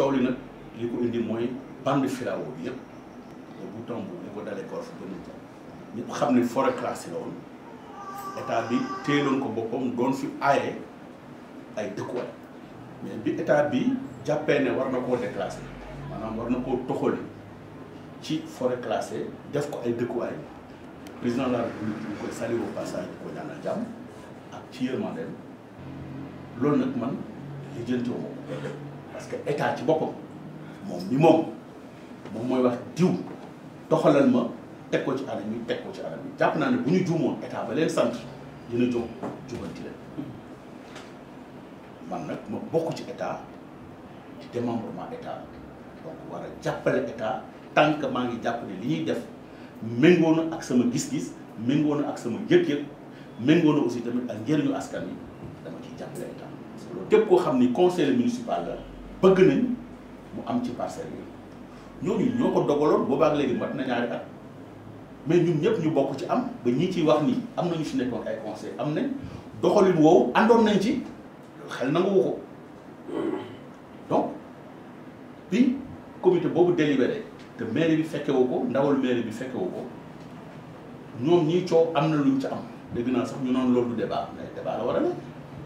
coow li nag li ko indi mooy bande filao bi yëpp ba bu tomb li ko dalee Golf ba Nigéria ñëpp xam ne forêt classée la woon état bi téeloon ko boppam doon fi aaye ay dëkkuwaay mais bi état bi jàppee ne war na koo déclassé maanaam war na koo toxali ci forêt classée def ko ay dëkkuwaay président de la république ñu koy salué passage ko ñaanal jàmm ak ci yërmande loolu nag man li jëntiwuma ko parce que état ci boppam moom mi moom moom mooy wax diw doxalal ma teg ko ci anam yi teg ko ci anam jàpp naa ne bu ñu juumoon état ba leen sant dina jóg jubanti leen man nag ma bokk ci état ci démembrement état donc war jàppale état tant maa ngi jàpp ne li ñuy def méngoo na ak sama gis-gis méngoo ak sama yëg-yëg méngoo aussi tamit ak njëriñu askan wi dama ciy jàppale état parce loolu képp koo xam ni conseil municipal la bëgg nañ mu am ci parcelles yi ñooñu ñoo ko dogaloon boobaak léegi mat na ñaari at mais ñun ñëpp ñu bokk ci am ba ñi ciy wax nii am nañu si nekkoon ay conseil am nañ doxalin woowu àndoon nañ ci xel nanguwu ko donc bi comité boobu délibéré te mairie bi fekkewu ko ndawal mairie bi fekkewu ko ñoom ñiy coow am na luñ ci am dégg naa sax ñu noonu loolu débat mais débat la war a nekk